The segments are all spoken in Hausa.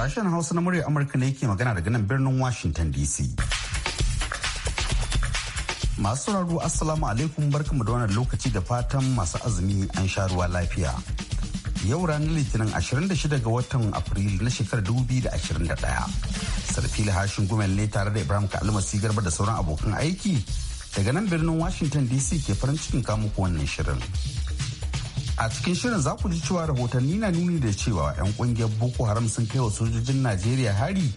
Sashen Hausa na muryar Amurka ne ke magana daga nan birnin Washington DC. Masu sauraro Assalamu alaikum barkamu da wannan lokaci da fatan masu azumi an sha ruwa lafiya. Yau ranar Litinin 26 ga watan Afrilu na shekarar 2021. Sarfili hashin gumel ne tare da Ibrahim Kalmasi Garba da sauran abokan aiki daga nan birnin Washington DC ke farin cikin kamuku wannan shirin. a cikin shirin za ku ji cewa rahotanni na nuni da cewa 'yan kungiyar boko haram sun kai wa sojojin najeriya hari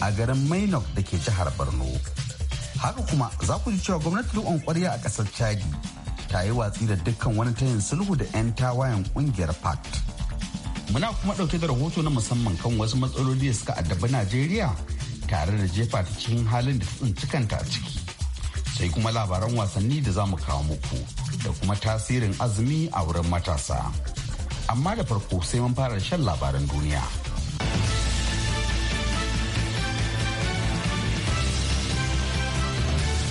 a garin mainok da ke jihar borno haka kuma za ku ji cewa gwamnati riƙon kwarya a ƙasar chadi ta yi watsi da dukkan wani tayin sulhu da 'yan tawayen kungiyar pact muna kuma ɗauke da rahoto na musamman kan wasu matsaloli da suka addabi najeriya tare da jefa ta cikin halin da ta tsinci kanta a ciki sai kuma labaran wasanni da za mu kawo muku. da kuma tasirin azumi a wurin matasa. Amma da farko sai mun fara shan labaran duniya.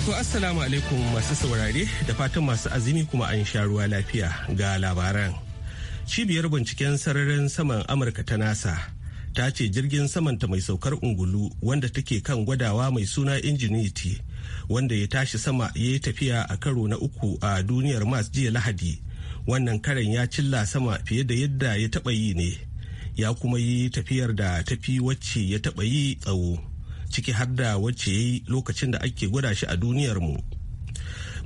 To assalamu alaikum masu saurare da fatan masu azumi kuma an sha ruwa lafiya ga labaran. Cibiyar binciken sararin saman Amurka ta NASA ta ce jirgin samanta mai saukar ungulu wanda take kan gwadawa mai suna Ingenuity wanda ya tashi sama ya yi tafiya a karo na uku a duniyar mars jiya lahadi wannan karen ya cilla sama fiye da yadda ya taba yi ne ya kuma yi tafiyar da tafi wacce ya taɓa yi tsawo ciki har da wacce ya yi lokacin da ake gwada shi a duniyar mu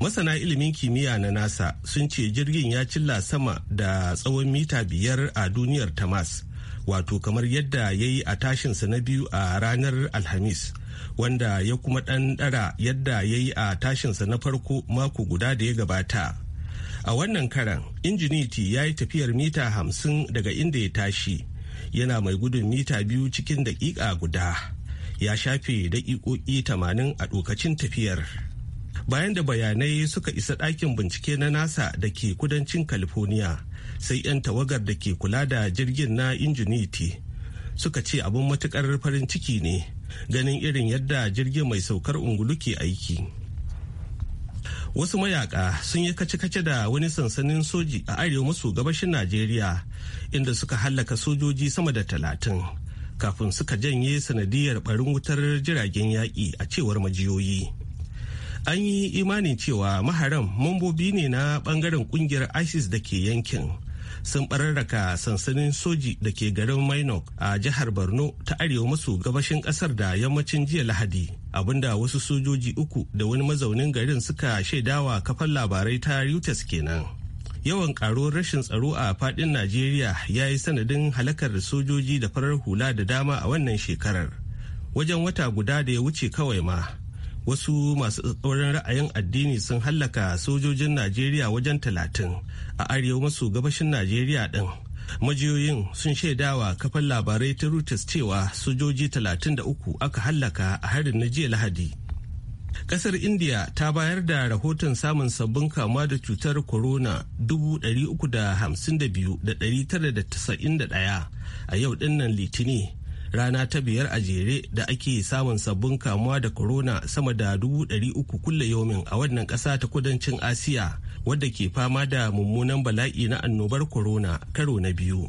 masana ilimin kimiyya na nasa sun ce jirgin ya cilla sama da tsawon mita biyar a duniyar tamas wato kamar yadda ya yi a tashinsa na biyu a ranar alhamis wanda ya kuma ɗan ɗara yadda ya yi a tashinsa na farko mako guda da ya gabata a wannan karan injiniti ya yi tafiyar mita hamsin daga inda ya tashi yana mai gudun mita biyu cikin daƙiƙa guda ya shafe daƙiƙoƙi tamanin a ɗokacin tafiyar bayan da bayanai suka isa ɗakin bincike na nasa da ke kudancin california sai 'yan tawagar da ke kula da jirgin na injiniti suka ce abin matuƙar farin ciki ne ganin irin yadda jirgin mai saukar ungulu ke aiki wasu mayaka sun yi kace-kace da wani sansanin soji a arewa maso gabashin najeriya inda suka hallaka sojoji sama da talatin kafin suka janye sanadiyar barin wutar jiragen yaƙi a cewar majiyoyi an yi imanin cewa maharam mambobi ne na bangaren kungiyar isis da ke yankin sun bararraka sansanin soji da ke garin Minok a jihar Borno ta arewa maso gabashin kasar da yammacin jiya Lahadi. Abinda wasu sojoji uku da wani mazaunin garin suka shaidawa kafar labarai ta Reuters kenan. Yawan karuwar rashin tsaro a fadin Najeriya ya yi sanadin halakar sojoji da farar hula da dama a wannan shekarar. Wajen wata guda da ya wuce kawai ma. wasu masu tsatsauran ra'ayin addini sun hallaka sojojin najeriya wajen talatin a arewa maso gabashin najeriya din majiyoyin sun shaidawa kafan labarai ta reuters cewa sojoji uku aka hallaka a harin na jiya lahadi kasar india ta bayar da rahoton samun sabbin kama da cutar corona 352,991 a yau dinnan litini rana ta biyar a jere da ake samun sabbin kamuwa da corona sama da dubu ɗari uku kulle yomin a wannan ƙasa ta kudancin asiya wadda ke fama da mummunan bala'i na annobar corona karo na biyu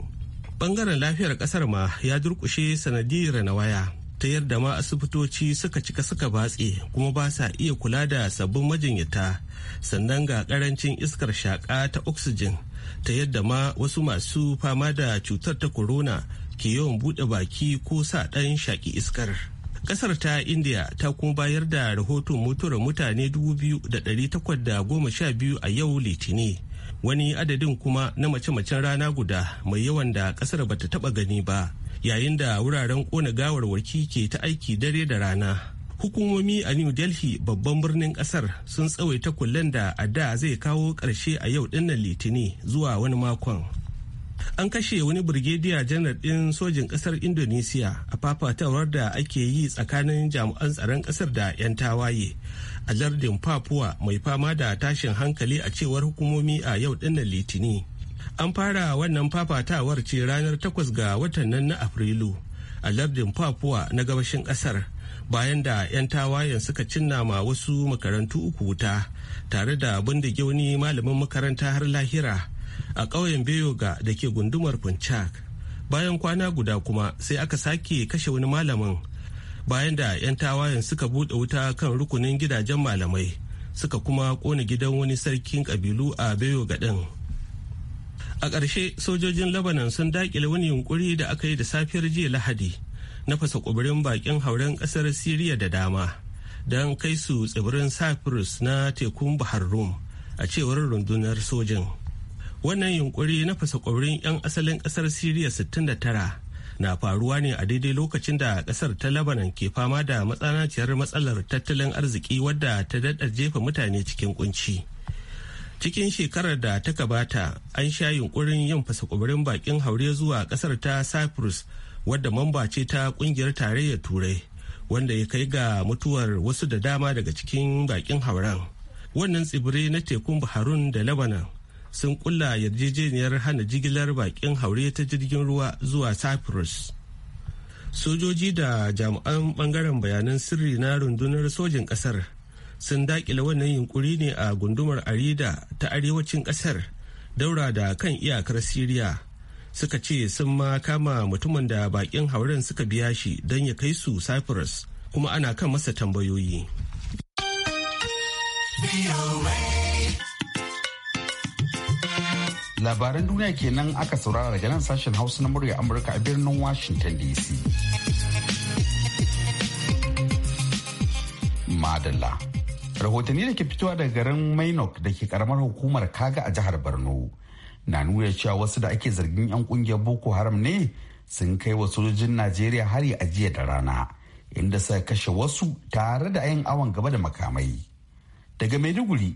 bangaren lafiyar ƙasar ma ya durƙushe sanadiyar na waya ta yarda ma asibitoci suka cika suka batse kuma ba sa iya kula da sabbin majinyata sannan ga ƙarancin iskar shaka ta oxygen ta yadda ma wasu masu fama da cutar ta corona ke yawan buɗe baki ko sa ɗan shaki iskar. Kasar ta India ta kuma bayar da rahoton mutuwar mutane 2,812 a yau Litini. Wani adadin kuma na mace-macen rana guda mai yawan da kasar bata taba gani ba, yayin da wuraren kona gawarwaki ke ta aiki dare da rana. hukumomi a new delhi babban birnin kasar sun tsawaita kullen da a da zai kawo ƙarshe a yau dinnan litini zuwa wani makon an kashe wani birgediya janar ɗin sojin ƙasar indonesiya a fafatawar da ake yi tsakanin jami'an tsaron ƙasar da 'yan tawaye a lardin papua mai fama da tashin hankali a cewar hukumomi a yau dinnan litini an fara wannan fafatawar ce ranar 8 ga watan nan na afrilu a lardin papua na gabashin ƙasar bayan da 'yan tawayen suka cinna ma wasu makarantu uku wuta tare da bindige wani malamin makaranta har lahira a ƙauyen beyoga da ke gundumar punchak bayan kwana guda kuma sai aka sake kashe wani malamin bayan da 'yan tawayen suka buɗe wuta kan rukunin gidajen malamai suka kuma ƙone gidan wani sarkin ƙabilu a beyoga ɗin a ƙarshe sojojin Lebanon sun daƙile wani yunƙuri da aka yi da safiyar jiya lahadi na fasa ƙubirin bakin hauren ƙasar siriya da dama don kai su tsibirin cyprus na tekun bahar rum a cewar rundunar sojin wannan yunkuri na fasa kwabrin 'yan asalin kasar siriya 69 na faruwa ne a daidai lokacin da kasar ta labanan ke fama da matsananciyar matsalar tattalin arziki wadda ta daɗa jefa mutane cikin kunci cikin shekarar da ta gabata an sha yunkurin yin fasa kwabrin bakin haure zuwa kasar ta cyprus wadda mamba ce ta kungiyar tarayyar turai wanda ya kai ga mutuwar wasu da dama daga cikin bakin hauren wannan tsibirai na tekun baharun da labanan sun kulla yarjejeniyar hana jigilar bakin haure ta jirgin ruwa zuwa cyprus sojoji da jami'an bangaren bayanan sirri na rundunar sojin kasar sun dakile wannan yunkuri ne a gundumar arida ta arewacin kasar daura da kan iyakar siriya suka ce sun ma kama mutumin da bakin hauren suka biya shi don ya kai su cyprus kuma ana kan masa tambayoyi. labaran duniya kenan aka saurara daga nan sashen hausa na murya amurka a birnin washington dc Madala, rahotanni da ke fitowa daga garin mainok da ke karamar hukumar kaga a jihar borno na nuna cewa wasu da ake zargin 'yan kungiyar boko haram ne sun kai wa sojojin najeriya hari a jiya da rana inda suka kashe wasu tare da yin awon gaba da makamai daga maiduguri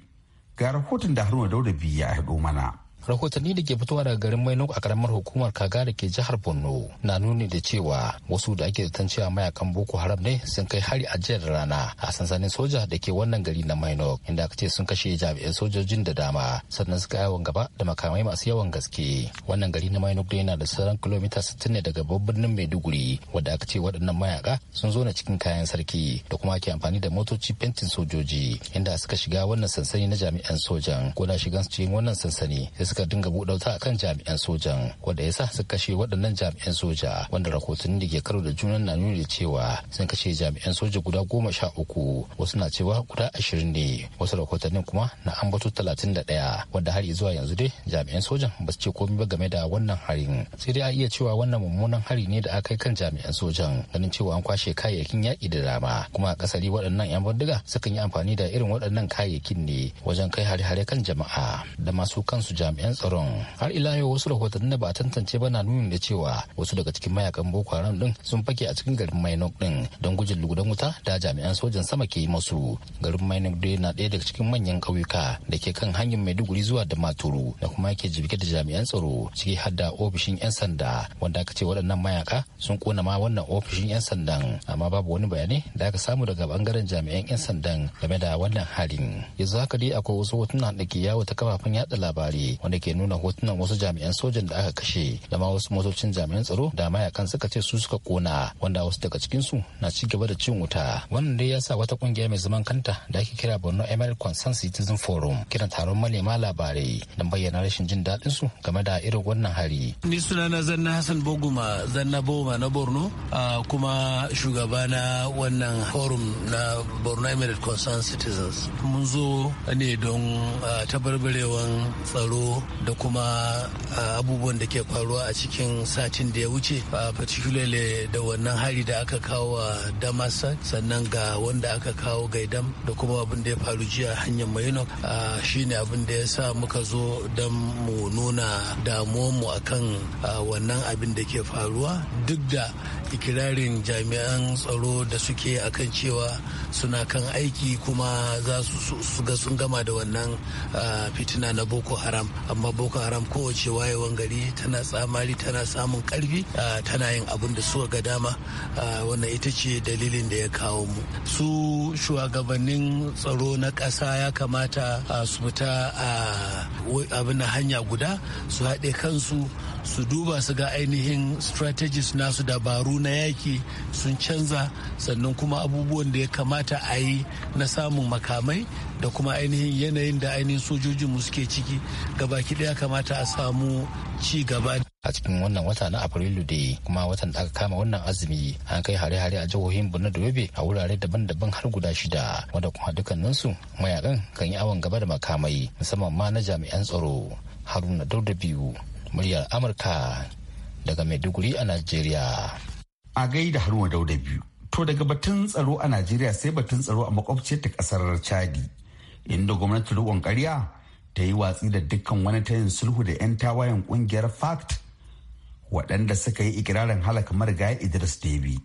ga rahoton da haruna dauda biyu ya haɗo mana rahotanni da ke fitowa daga garin maino a karamar hukumar kaga da ke jihar borno na nuni da cewa wasu da ake zaton cewa mayakan boko haram ne sun kai hari a jiya da rana a sansanin soja da ke wannan gari na maino inda aka ce sun kashe jami'an sojojin da dama sannan suka yawan gaba da makamai masu yawan gaske wannan gari na maino da yana da sauran kilomita sittin ne daga babban birnin maiduguri wadda aka ce waɗannan mayaka sun zo na cikin kayan sarki da kuma ke amfani da motoci fentin sojoji inda suka shiga wannan sansani na jami'an sojan ko da shigan cikin wannan sansani suka dinga buɗe a kan jami'an sojan wanda ya sa suka kashe waɗannan jami'an soja wanda rahotanni da ke karo da junan na nuni da cewa sun kashe jami'an soja guda goma sha uku wasu na cewa guda ashirin ne wasu rahotannin kuma na ambato talatin da ɗaya wanda har zuwa yanzu dai jami'an sojan ba su ce komai ba game da wannan harin sai dai a iya cewa wannan mummunan hari ne da aka yi kan jami'an sojan ganin cewa an kwashe kayayyakin yaƙi da dama kuma a ƙasari waɗannan 'yan bindiga sukan yi amfani da irin waɗannan kayayyakin ne wajen kai hare-hare kan jama'a da masu kansu jami'an jami'an tsaron har ila yau wasu rahotanni da ba a tantance ba na nuni da cewa wasu daga cikin mayakan boko haram din sun fake a cikin garin mainok din don gujin lugudan wuta da jami'an sojan sama ke yi masu garin mainok dai na ɗaya daga cikin manyan ƙauyuka da ke kan hanyar maiduguri zuwa da maturu da kuma yake jibge da jami'an tsaro ciki har da ofishin 'yan sanda wanda aka ce waɗannan mayaka sun kona ma wannan ofishin 'yan sandan amma babu wani bayani da aka samu daga bangaren jami'an 'yan sandan game da wannan halin yanzu haka dai akwai wasu hotuna da ke yawo ta kafafen yada labarai wanda ke nuna hotunan wasu jami'an sojan da aka kashe da ma wasu motocin jami'an tsaro da mayakan suka ce su suka kona wanda wasu daga cikinsu na ci gaba da cin wuta wannan dai ya sa wata kungiya mai zaman kanta da ake kira borno emirate concern citizen forum kiran taron malema labarai don bayyana rashin jin daɗin su game da irin wannan hari ni sunana zanna hassan boguma zanna boguma na borno kuma shugaba na wannan forum na borno emirate concern citizens mun zo ne don tabarbarewan tsaro da kuma abubuwan da ke faruwa a cikin satin da ya wuce A particularly da wannan hari da aka kawo a damasa sannan ga wanda aka kawo gaidam da kuma abin da ya faru jiya hanyar mainok shine abin da ya sa muka zo don mu nuna damuwanmu akan wannan abin da ke faruwa duk da ikirarin jami'an tsaro da suke akan cewa suna kan aiki kuma za su ga sun gama da wannan fitina na boko haram amma boko haram kowace wayewan gari tana tsamari tana samun karfi tana yin abun da suka ga dama wannan ita ce dalilin da ya kawo mu su shugabannin tsaro na ƙasa ya kamata su fita a abin hanya guda su haɗe kansu su duba su ga ainihin strategies nasu dabaru na yaki sun canza sannan kuma abubuwan da ya kamata a yi na samun makamai da kuma ainihin yanayin da ainihin sojojin mu suke ciki ga baki daya kamata a samu ci gaba a cikin wannan wata na afrilu da kuma watan da aka kama wannan azumi an kai hare-hare a jihohin borno da yobe a wurare daban-daban har guda shida wanda kuma dukkaninsu mayakan kan yi awon gaba da makamai musamman ma na jami'an tsaro haruna dauda biyu muryar amurka daga maiduguri a najeriya a gaida haruwa dauda biyu to daga batun tsaro a najeriya sai batun tsaro a makwabciyar ta kasar chadi inda gwamnatin riƙon ƙarya ta yi watsi da dukkan wani tayin sulhu da 'yan tawayen ƙungiyar fact waɗanda suka yi ikirarin halaka marigayi idris debi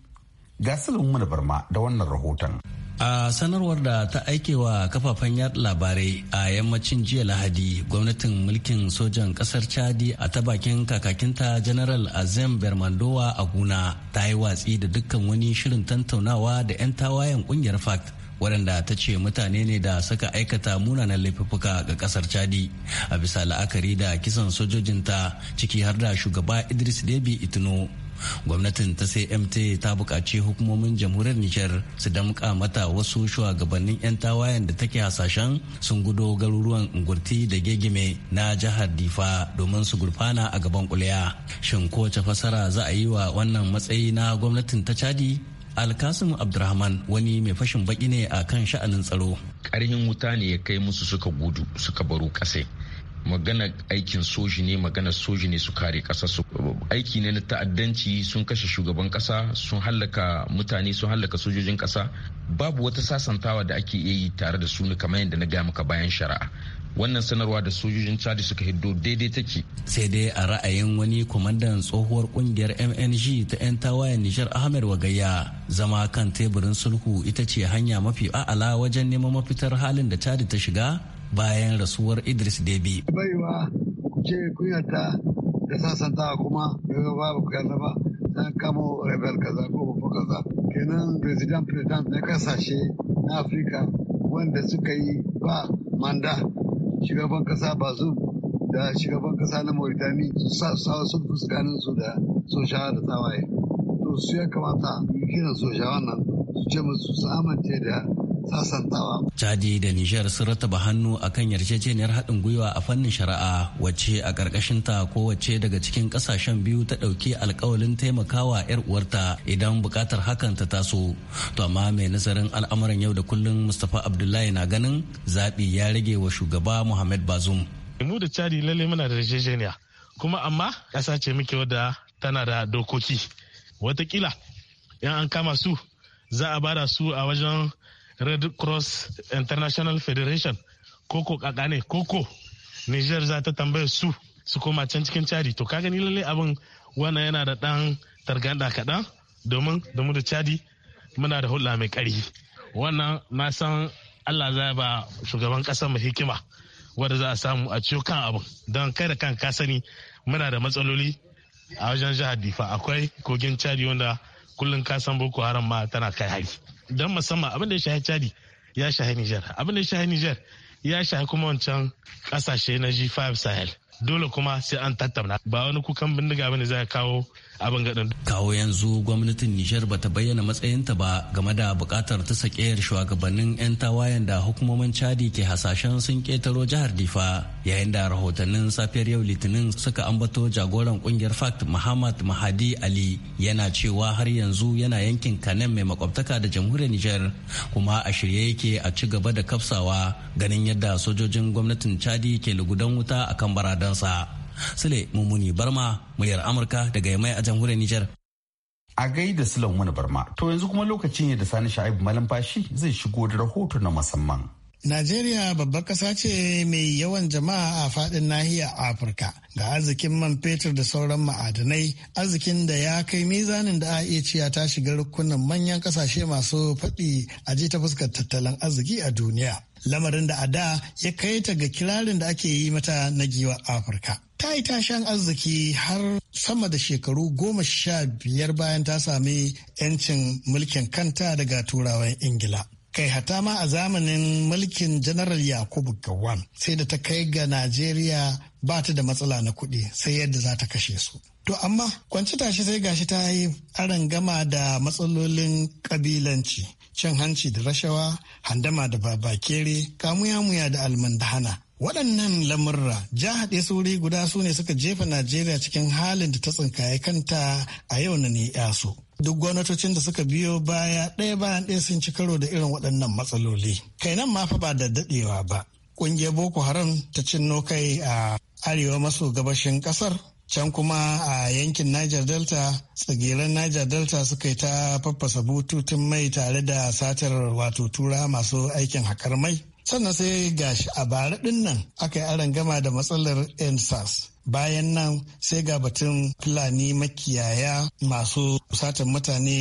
ga da Barma da wannan rahoton. A sanarwar da ta aike wa kafafen yada labarai a yammacin jiya Lahadi, gwamnatin mulkin sojan kasar Chadi a ta bakin kakakinta General Azem Bermandowa a Guna ta yi watsi da dukkan wani shirin tantaunawa da 'yan tawayen kungiyar FACT waɗanda ta ce mutane ne da suka aikata munanan laifuka ga kasar Chadi a bisa la'akari da kisan sojojinta ciki har da shugaba Idris debi Itno. gwamnatin ta mt ta buƙaci hukumomin jamhuriyar nijar su damƙa mata wasu shugabannin 'yan tawayen da take hasashen sun gudo garuruwan ungurti da gegime na jihar difa domin su gurfana a gaban kuliya shin kowace fasara za a yi wa wannan matsayi na gwamnatin ta chadi alkasim abdurrahman wani mai fashin baki ne a kan sha'anin tsaro ƙarhin wuta ne ya kai musu suka gudu suka baro kasai magana aikin soji ne magana soji ne su kare kasa su aiki ne na ta'addanci sun kashe shugaban kasa sun hallaka mutane sun hallaka sojojin kasa babu wata sasantawa da ake iya yi tare da su kamar yadda na gaya maka bayan shari'a wannan sanarwa da sojojin chadi suka hiddo daidai take sai dai a ra'ayin wani kwamandan tsohuwar kungiyar mng ta 'yan tawayen nishar ahmed wagayya zama kan teburin sulhu ita ce hanya mafi a'ala wajen neman mafitar halin da chadi ta shiga bayan rasuwar Idris Debi. Baiwa ku ce kun yarda da sasanta kuma daga babu kaza ba san kamo rebel kaza ko babu kaza kenan president president na kasashe na Afrika wanda suka yi ba manda shugaban kasa bazum da shugaban kasa na Mauritani su sa sun fuskanin su da soshawa da tawaye to su ya kamata kiran soshawa nan su ce musu su amince da sasantawa. Chadi da Nijar sun rataba hannu a kan yarjejeniyar haɗin gwiwa a fannin shari'a wacce a ƙarƙashinta kowace daga cikin ƙasashen biyu ta ɗauki alƙawalin taimakawa 'yar uwarta idan buƙatar hakan ta taso. To amma mai nazarin al'amuran yau da kullum Mustapha Abdullahi na ganin zaɓi ya rage wa shugaba Muhammad Bazum. Mu da Chadi lalle muna da yarjejeniya kuma amma ƙasa ce muke wadda tana da dokoki. Watakila 'yan an kama su za a bada su a wajen red cross international federation koko kaka ne koko niger za ta tambaya su su koma can cikin cadi to kaga ni lalle abin wannan yana da dan targanda kaɗan domin da mu da cadi muna da hulɗa mai ƙari wannan na san allah za ba shugaban ƙasar mu hikima wanda za a samu a ciyo kan abin don kai da kan ka sani muna da matsaloli a wajen jihar difa akwai kogin cadi wanda kullum ka san boko haram ma tana kai hari don musamman abin da ya shahi chadi ya shahi niger abin da ya shahi niger ya shahi kuma wancan kasashe na g5 sahel dole kuma sai an tattauna ba wani kukan bindiga bane zai kawo abin Kawo yanzu gwamnatin Nijar ta bayyana matsayinta ba game da bukatar ta sakeyar shugabannin 'yan tawayen da hukumomin Chadi ke hasashen sun ketaro jihar Difa yayin da rahotannin safiyar yau Litinin suka ambato jagoran kungiyar FACT Muhammad Mahadi Ali yana cewa har yanzu yana yankin Kanem mai makwabtaka da jamhuriyar Nijar kuma a shirye yake a ci gaba da kafsawa ganin yadda sojojin gwamnatin Chadi ke lugudan wuta akan baradansa. Sule Mummuni Barma muryar Amurka daga Yamai a jamhuriyar Nijar. A gaida Sule Mummuni Barma, to yanzu kuma lokaci ne da Sani Sha'ibu Malamfashi zai shigo da rahoto na musamman. Najeriya babbar ƙasa ce mai yawan jama'a a faɗin nahiyar Afirka ga arzikin man fetur da sauran ma'adanai arzikin da ya kai mizanin da a iya ciya ta shiga rukunan manyan ƙasashe masu faɗi a ji ta fuskar tattalin arziki a duniya. lamarin da a da ya kai ta ga kirarin da ake yi mata na giwa afirka ta yi tashen arziki har sama da shekaru goma sha biyar bayan ta sami 'yancin mulkin kanta daga turawan ingila kai hata ma a zamanin mulkin janaral yakubu gawan sai da ta kai ga najeriya ba ta da matsala na kuɗi sai yadda za ta kashe su to amma kwanci tashi sai gashi ta yi aran gama da matsalolin kabilanci cin hanci da rashawa handama da babakere kamuya-muya da almandahana waɗannan lamurra ja haɗe sauri guda su ne suka jefa najeriya cikin halin da ta tsinkaye kanta a yau na ne so. duk gwamnatocin da suka biyo baya ɗaya bayan ɗaya sun ci karo da irin waɗannan matsaloli kai nan ma fa ba da daɗewa ba ƙungiyar boko haram ta cinno kai a arewa maso gabashin ƙasar can kuma a yankin niger delta tsigiran niger delta suka yi ta faffasa bututun mai tare da satar wato tura masu aikin hakar mai sannan sai gashi a bara din nan aka yi aron gama da matsalar ensas bayan nan sai ga batun fulani makiyaya masu satan mutane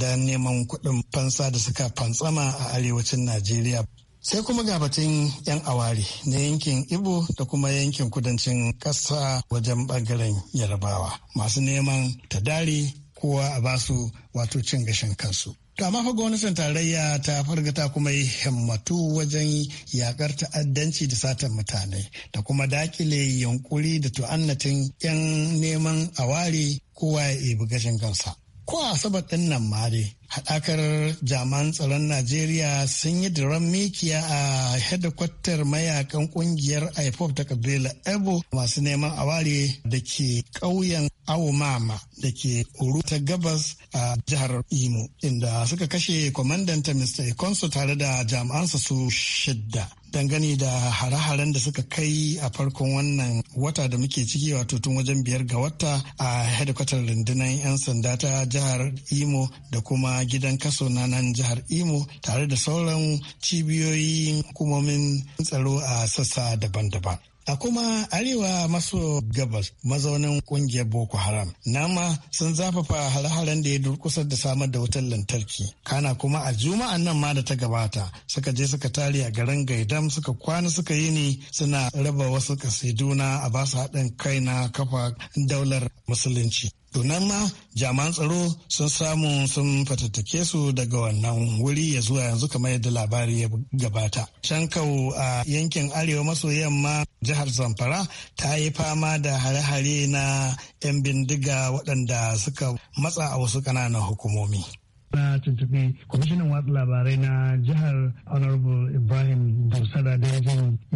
da neman kuɗin fansa da suka fantsama a arewacin najeriya sai kuma ga batun 'yan aware na yankin ibo da kuma yankin kudancin ƙasa wajen ɓangaren yarbawa masu neman ta dare kowa a basu wato cin gashin kansu to amma fa gwamnatin tarayya ta fargata kuma yi himmatu wajen yakar ta'addanci da satan mutane da kuma dakile yunkuri da tu'annatin 'yan neman aware kowa ya ibi gashin kansa ko a asabar ɗin nan ma dai haɗakar jaman tsaron najeriya sun yi diran mikiya a hedikwatar mayakan ƙungiyar ipop ta kabila ebo masu neman aware da ke ƙauyen awumama da ke uru ta gabas a jihar imo inda suka kashe kwamandanta mr ikonso tare da jami'ansa su shidda dangane da hare-haren da suka kai a farkon wannan wata da muke ciki wato tun wajen biyar ga wata a hedikwatar rundunar 'yan sanda ta jihar imo da kuma gidan kaso na nan jihar imo tare da sauran cibiyoyin hukumomin tsaro a sassa daban-daban A kuma arewa maso gabas mazaunin kungiyar Boko Haram. Nama sun zafafa hare-haren da ya durkusa da samar da wutar lantarki. Kana kuma a juma'an nan ma da ta gabata suka je suka tare a garin Gaidam suka kwana suka yi ne suna raba wasu kasiduna a basu haɗin kai na kafa daular musulunci. tunan ma Jaman tsaro sun samu sun fatattake su daga wannan wuri ya zuwa yanzu kamar yadda labari ya gabata shankau a yankin arewa maso yamma jihar zamfara ta yi fama da hare-hare na 'yan bindiga waɗanda suka matsa a wasu ƙananan hukumomi na tuntuɓi kwamishinan watsa labarai na jihar honorable ibrahim dausada da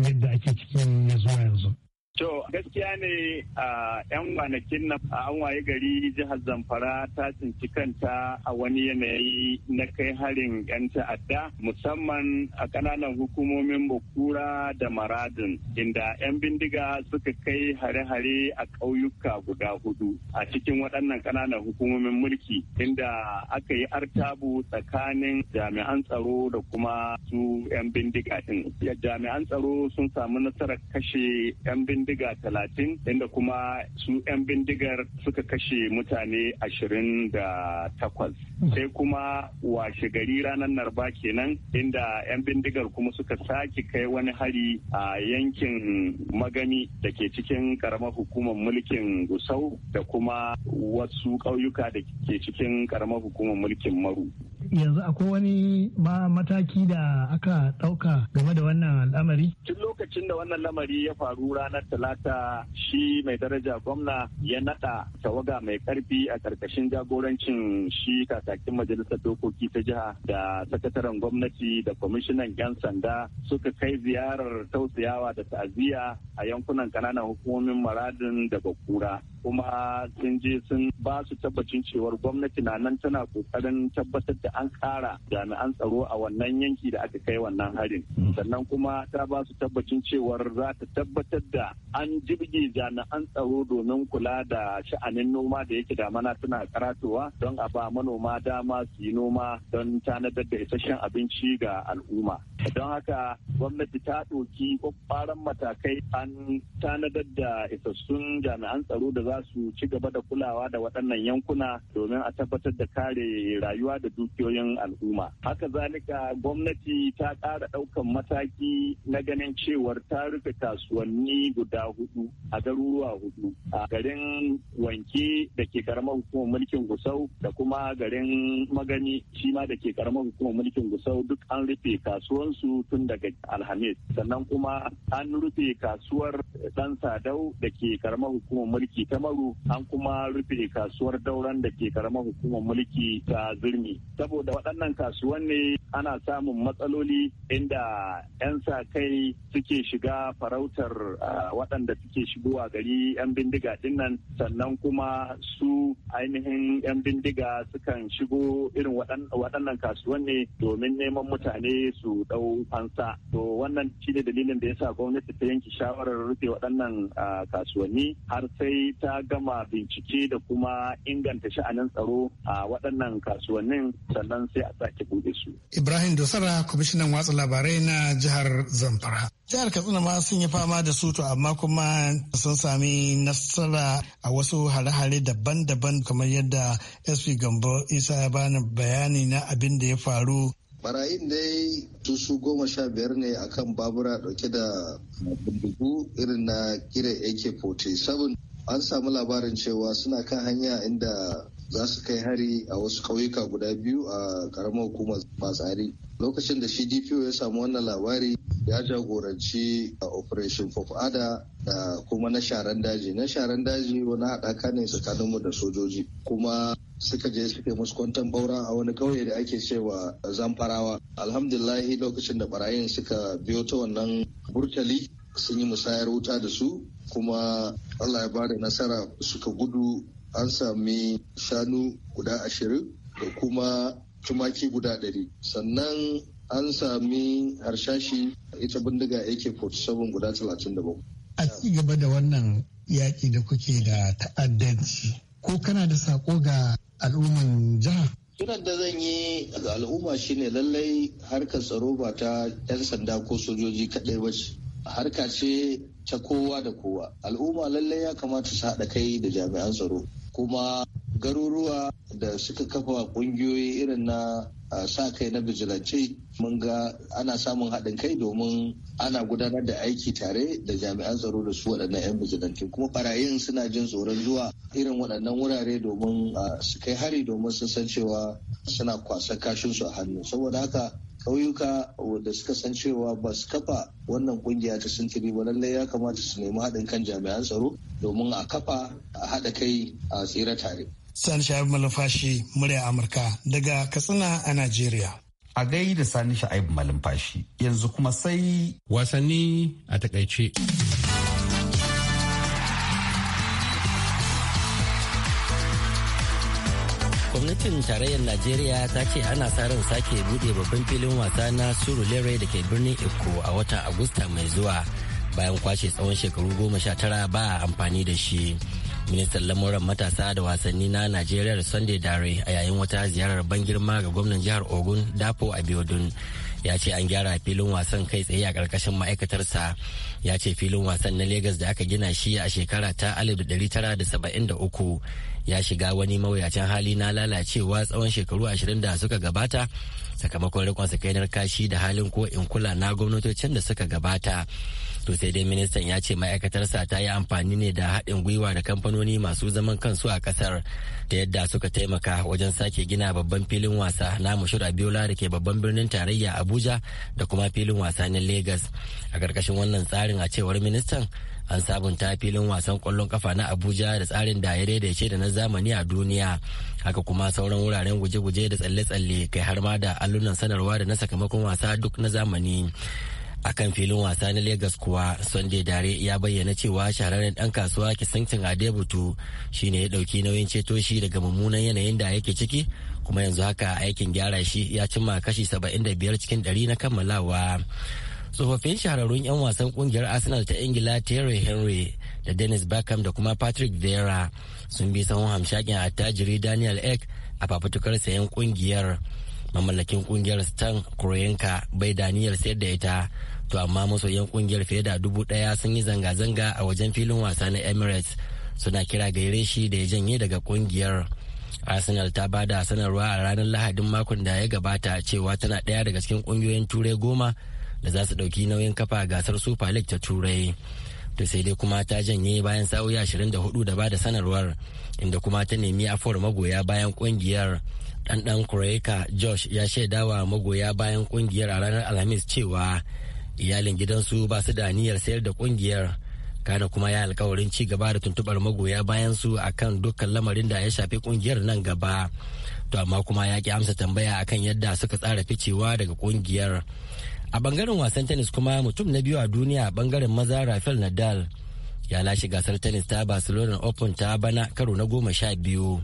yadda ake cikin ya zuwa yanzu To gaskiya ne a 'yan kwanakin na an waye gari jihar Zamfara ta tsinci kanta a wani yanayi na kai harin 'yan ta'adda musamman a kananan hukumomin Bukura da Maradin inda 'yan bindiga suka kai hare-hare a ƙauyuka guda hudu a cikin waɗannan ƙananan hukumomin mulki inda aka yi artabu tsakanin jami'an tsaro da kuma su 'yan bindiga ɗin. Jami'an tsaro sun samu nasarar kashe 'yan bindiga bindiga talatin inda kuma su 'yan bindigar suka kashe mutane ashirin da takwas hmm. sai kuma washe gari ranar narba kenan inda 'yan bindigar kuma suka sake kai wani hari a yankin magani da ke cikin karamar hukumar mulkin gusau da kuma wasu ƙauyuka da ke cikin karamar hukumar mulkin maru yanzu akwai wani ma mataki da aka ɗauka game da wannan al'amari? tun lokacin da wannan lamari ya faru ranar Talata shi mai daraja gwamna ya naɗa tawaga mai karfi a ƙarƙashin jagorancin shi kakakin majalisar dokoki ta jiha da sakataren gwamnati da kwamishinan 'yan sanda suka kai ziyarar tausayawa da ta'aziyya a yankunan ƙananan hukumomin maradin da bakura. kuma sun je sun ba su tabbacin cewar gwamnati na nan tana kokarin tabbatar da an kara jami'an tsaro a wannan yanki da aka kai wannan harin hmm. sannan kuma ta ba su tabbacin cewar za ta tabbatar da an jirge jami'an tsaro domin kula da sha'anin noma da yake damana suna karatowa don a ba manoma dama su yi noma don tanadar da isasshen abinci ga al'umma don haka gwamnati ta ɗauki kwakwaran matakai an tanadar da isassun jami'an tsaro da za su ci gaba da kulawa da waɗannan yankuna domin a tabbatar da kare rayuwa da dukiyoyin al'umma. Haka zalika gwamnati ta ƙara ɗaukan mataki na ganin cewar ta rufe kasuwanni guda hudu a garuruwa hudu a garin wanke da ke karamar hukumar mulkin gusau da kuma garin magani shi ma da ke karamar hukumar mulkin gusau duk an rufe kasuwansu tun daga alhamis sannan kuma an rufe kasuwar dan sadau da ke karamar hukumar mulki ta damaru an kuma rufe kasuwar dauran da ke karamar hukumar mulki ta zirmi saboda waɗannan kasuwan ne ana samun matsaloli inda 'yan sa kai suke shiga farautar waɗanda suke shigowa gari 'yan bindiga dinnan sannan kuma su ainihin 'yan bindiga sukan shigo irin waɗannan kasuwan ne domin neman mutane su ɗau fansa to wannan shi ne dalilin da ya sa gwamnati ta yanke shawarar rufe waɗannan kasuwanni har sai ta ta gama bincike da kuma inganta sha'anin tsaro a waɗannan kasuwannin sannan sai a sake buɗe su. Ibrahim Dosara kwamishinan watsa labarai na jihar Zamfara. Jihar Katsina ma sun yi fama da su amma kuma sun sami nasara a wasu hare-hare daban-daban kamar yadda SP Gambo Isa ya bani bayani na abin da ya faru barayin dai su goma sha biyar ne akan babura dauke da bindigu irin na kira ak-47 an samu labarin cewa suna kan hanya inda za su kai hari a wasu ƙauyuka guda biyu a ƙaramar hukumar fasari lokacin da shi dpo ya samu wannan labari ya jagoranci a operation pop ada da kuma na sharan daji na sharan daji wani haɗaka ne tsakaninmu da sojoji kuma suka je suke musu kwantan baura a wani kauye da ake cewa zamfarawa alhamdulahi lokacin da barayin suka biyo ta wannan burtali sun yi musayar wuta da su kuma allah ya bada nasara suka gudu an sami shanu guda ashirin da kuma tumaki guda ɗari sannan an sami harshashi ita bindiga ak-47 guda 37 a ci gaba da wannan yaƙi da kuke da ta'addanci ko kana da sako ga al'umman jiha kiran da zan yi ga al'umma shine lallai harkar tsaro ba ta 'yan sanda ko sojoji kaɗai ba harka ce ta kowa da kowa al'umma lallai ya kamata su haɗa kai da jami'an tsaro kuma garuruwa da suka kafa ƙungiyoyi irin na sa kai na bijilance mun ga ana samun haɗin kai domin ana gudanar da aiki tare da jami'an tsaro da su waɗannan 'yan bijilance kuma ɓarayin suna jin tsoron zuwa irin waɗannan wurare domin su kai hari domin sun san cewa suna kwasa kashinsu a hannu saboda haka kauyuka da suka san cewa ba su kafa wannan kungiya ta sintiri ba lallai ya kamata su nemi haɗin kan jami'an tsaro domin a kafa a haɗa kai a tsira tare. Sani Sha'ib Malumfashi murya Amurka daga Katsina a Najeriya. A gai da Sani Sha'ib Malumfashi yanzu kuma sai wasanni a takaice. gwamnatin tarayyar najeriya ta ce ana sa ran sake bude babban filin wasa na surulere da ke birnin eko a watan agusta mai zuwa bayan kwashe tsawon shekaru goma sha tara ba a amfani da shi ministan lamuran matasa da wasanni na najeriya sunday dare a yayin wata ziyarar ban girma ga gwamnan jihar ogun dapo abiodun ya ce an gyara filin wasan kai tsaye a ƙarƙashin ma'aikatarsa ya ce filin wasan na Legas da aka gina shi a shekara ta 1973 ya shiga wani mawuyacin hali na lalacewa tsawon shekaru ashirin da suka gabata sakamakon rikon sakainar kashi da halin ko in kula na gwamnatocin da suka gabata to sai dai ministan ya ce ma'aikatarsa ta yi amfani ne da haɗin gwiwa da kamfanoni masu zaman kansu a ƙasar da yadda suka taimaka wajen sake gina babban filin wasa na mushur abiola da ke babban birnin tarayya abuja da kuma filin wasa na legas a ƙarƙashin wannan tsarin a cewar ministan an sabunta filin wasan kwallon kafa na abuja da tsarin da ya daidaice da na zamani a duniya haka kuma sauran wuraren guje-guje da tsalle-tsalle kai har ma da allunan sanarwa da na sakamakon wasa duk na zamani a kan filin wasa na Legas kuwa Sunday Dare ya bayyana cewa shahararren dan kasuwa kisancin Adebutu shine ya ɗauki nauyin ceto shi daga mummunan yanayin da yake ciki kuma yanzu haka aikin gyara shi ya cimma kashi 75 cikin 100 na kammalawa. tsofaffin shahararrun 'yan wasan kungiyar arsenal ta ingila terry henry da dennis beckham da kuma patrick vieira sun bi sahun hamshakin attajiri daniel ek a fafutukar sayan kungiyar mamallakin kungiyar stan kuroyinka bai daniel sayar da ita to amma masoyan kungiyar fiye da dubu daya sun yi zanga-zanga a wajen filin wasa na emirates suna kira gaire shi da ya janye daga kungiyar arsenal ta bada sanarwa a ranar lahadin makon da ya gabata cewa tana daya daga cikin kungiyoyin turai goma da za su ɗauki nauyin kafa gasar super league ta turai to sai dai kuma ta janye bayan sa'o'i 24 da ba da sanarwar inda kuma ta nemi afuwar magoya bayan kungiyar ɗanɗan kureka josh ya shaida wa magoya bayan kungiyar a ranar alhamis cewa iyalin gidansu ba su da niyyar sayar da kungiyar kana kuma ya alkawarin ci gaba da tuntubar magoya bayan su akan dukkan lamarin da ya shafi kungiyar nan gaba to amma kuma ya ki amsa tambaya akan yadda suka tsara ficewa daga kungiyar a bangaren wasan tennis kuma mutum na biyu a duniya a bangaren maza rafael nadal ya lashe gasar tennis ta barcelona open ta bana karo na goma sha biyu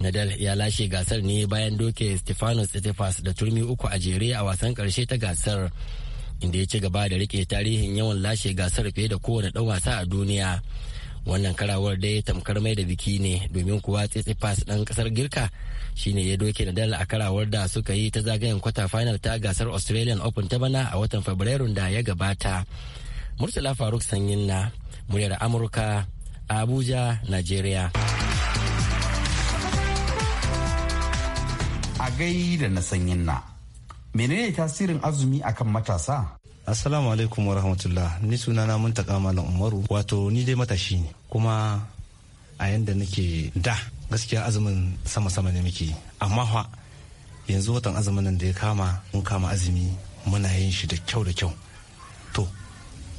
nadal ya lashe gasar ne bayan doke stefanos tsitsipas da turmi uku a jere a wasan karshe ta gasar inda ya ci gaba da rike tarihin yawan lashe gasar fiye da kowane dan wasa a duniya wannan karawar dai tamkar mai da biki ne domin kuwa tsitsipas dan kasar girka shine ya doke nadal a karawar da suka yi ta zagayen kwata final ta gasar australian open ta bana a watan fabrairun da ya gabata murtala faruk sanyin na muryar amurka abuja nigeria a gai da na sanyin na menene tasirin azumi akan matasa Assalamu alaikum wa rahmatullah ni sunana mun taƙa malam Umaru wato ni dai matashi ne kuma a yanda nake da gaskiya azumin sama-sama ne muke amma fa yanzu watan azumin nan da ya kama mun kama azumi muna yin shi da kyau da kyau to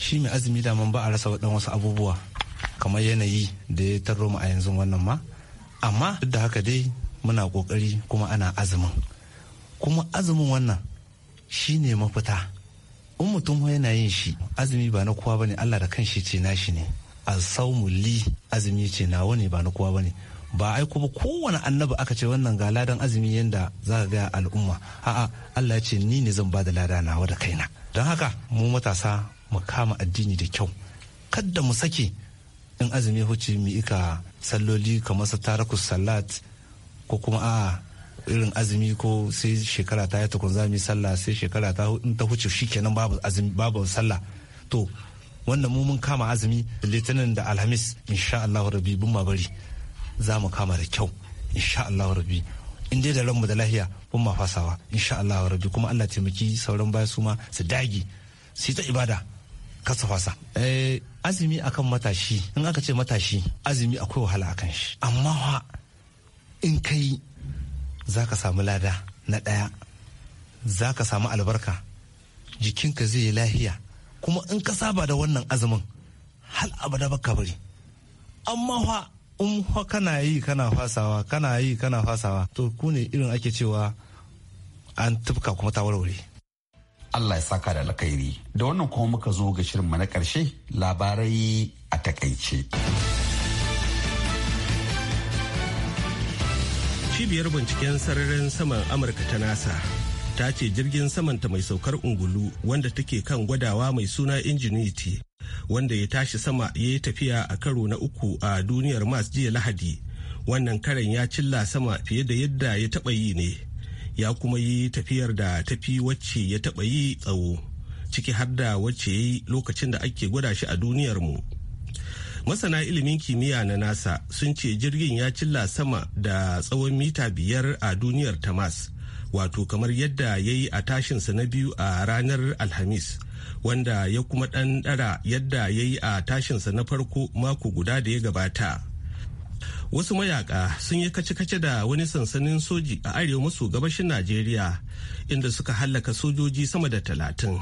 shi mai azumi da mun ba a rasa waɗan wasu abubuwa kamar yanayi da ya tarro mu a yanzu wannan ma amma duk da haka dai muna ƙoƙari kuma ana azumin kuma azumin wannan shi ne mafita in mutum yana yin shi azumi ba na kowa bane Allah da shi ce nashi ne saumu li azumi ce nawa ne ba na kowa bane ba ai kuma kowane annabi aka ce wannan ga ladan azumi yadda za ka gaya al'umma a'a Allah ce ni ne zan da lada na nawa da kaina don haka mu matasa mu kama addini da kyau kadda mu sake in azumi huce mu ika salloli kamar su tarakus salat ko kuma a'a irin azumi ko sai shekara ta ya tukun zami sallah sai shekara ta in ta huce shikenan babu azumi babu sallah to wannan mu mun kama azumi litinin da alhamis insha Allah rabbi bin ma bari za mu kama da kyau insha Allah rabbi in dai da ranmu da lahiya bin ma fasawa insha Allah rabbi kuma Allah taimaki sauran baya su ma su dage su ta ibada kasa fasa eh, azumi akan matashi in aka ce matashi azumi akwai wahala akan shi amma in kai za ka samu lada na ɗaya za ka samu albarka jikinka zai yi lahiya kuma in ka saba da wannan azumin hal abada baka bari amma fa in fa kana yi kana fasawa kana yi kana fasawa to ku ne irin ake cewa an tufka kuma ta warware Allah ya saka da alkhairi da wannan kuma muka zo ga shirin na karshe labarai a takaice. cibiyar binciken sararin saman amurka ta nasa ta ce jirgin saman ta mai saukar ungulu wanda take kan gwadawa mai suna ingenuity wanda ya tashi sama ya yi tafiya a karo na uku a duniyar mars jiya lahadi wannan karen ya cilla sama fiye da yadda ya taba yi ne ya kuma yi tafiyar da tafi wacce ya taba yi tsawo ciki har da wacce ya yi lokacin da ake gwada shi a duniyar mu. masana ilimin kimiyya na nasa sun ce jirgin ya cilla sama da tsawon mita biyar a duniyar tamas wato kamar yadda ya yi a tashinsa na biyu a ranar alhamis wanda ya kuma ɗan ɗara yadda ya yi a tashinsa na farko mako guda da ya gabata wasu mayaka sun yi kace-kace da wani sansanin soji a arewa maso gabashin najeriya inda suka hallaka sojoji sama da talatin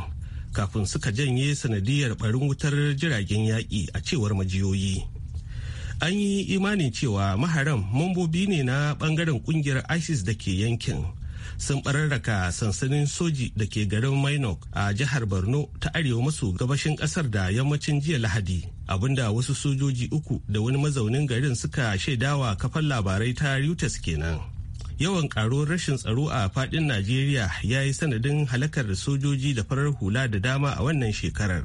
kafin suka janye sanadiyar barin wutar jiragen yaƙi a cewar majiyoyi an yi imanin cewa maharam mambobi ne na bangaren kungiyar isis da ke yankin sun bararraka sansanin soji da ke garin mainok a jihar borno ta arewa maso gabashin kasar da yammacin jiya lahadi abinda wasu sojoji uku da wani mazaunin garin suka shaidawa kafan labarai ta reuters kenan yawan karuwar rashin tsaro a fadin najeriya ya yi sanadin halakar sojoji da farar hula da dama a wannan shekarar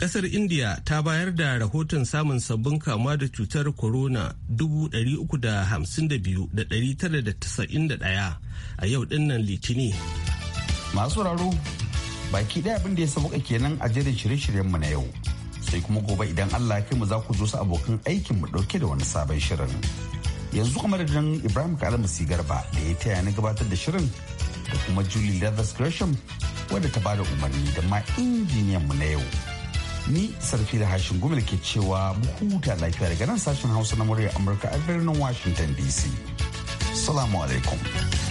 kasar india ta bayar da rahoton samun sabbin kama da cutar corona 352,991 a yau dinnan litini masu raro baki daya abin da ya sabuka kenan a jerin shirye-shiryenmu na yau sai kuma gobe idan allah ya kai mu za ku zo su abokan aikin mu dauke da wani sabon shirin yanzu kuma da ibrahim kalam garba da ya taya na gabatar da shirin da kuma julie leathers gresham wadda ta bada umarni da ma injiniyan mu na yau ni sarfi da hashin gumel ke cewa mu huta lafiya daga nan sashen hausa na murya amurka a birnin washington dc salamu alaikum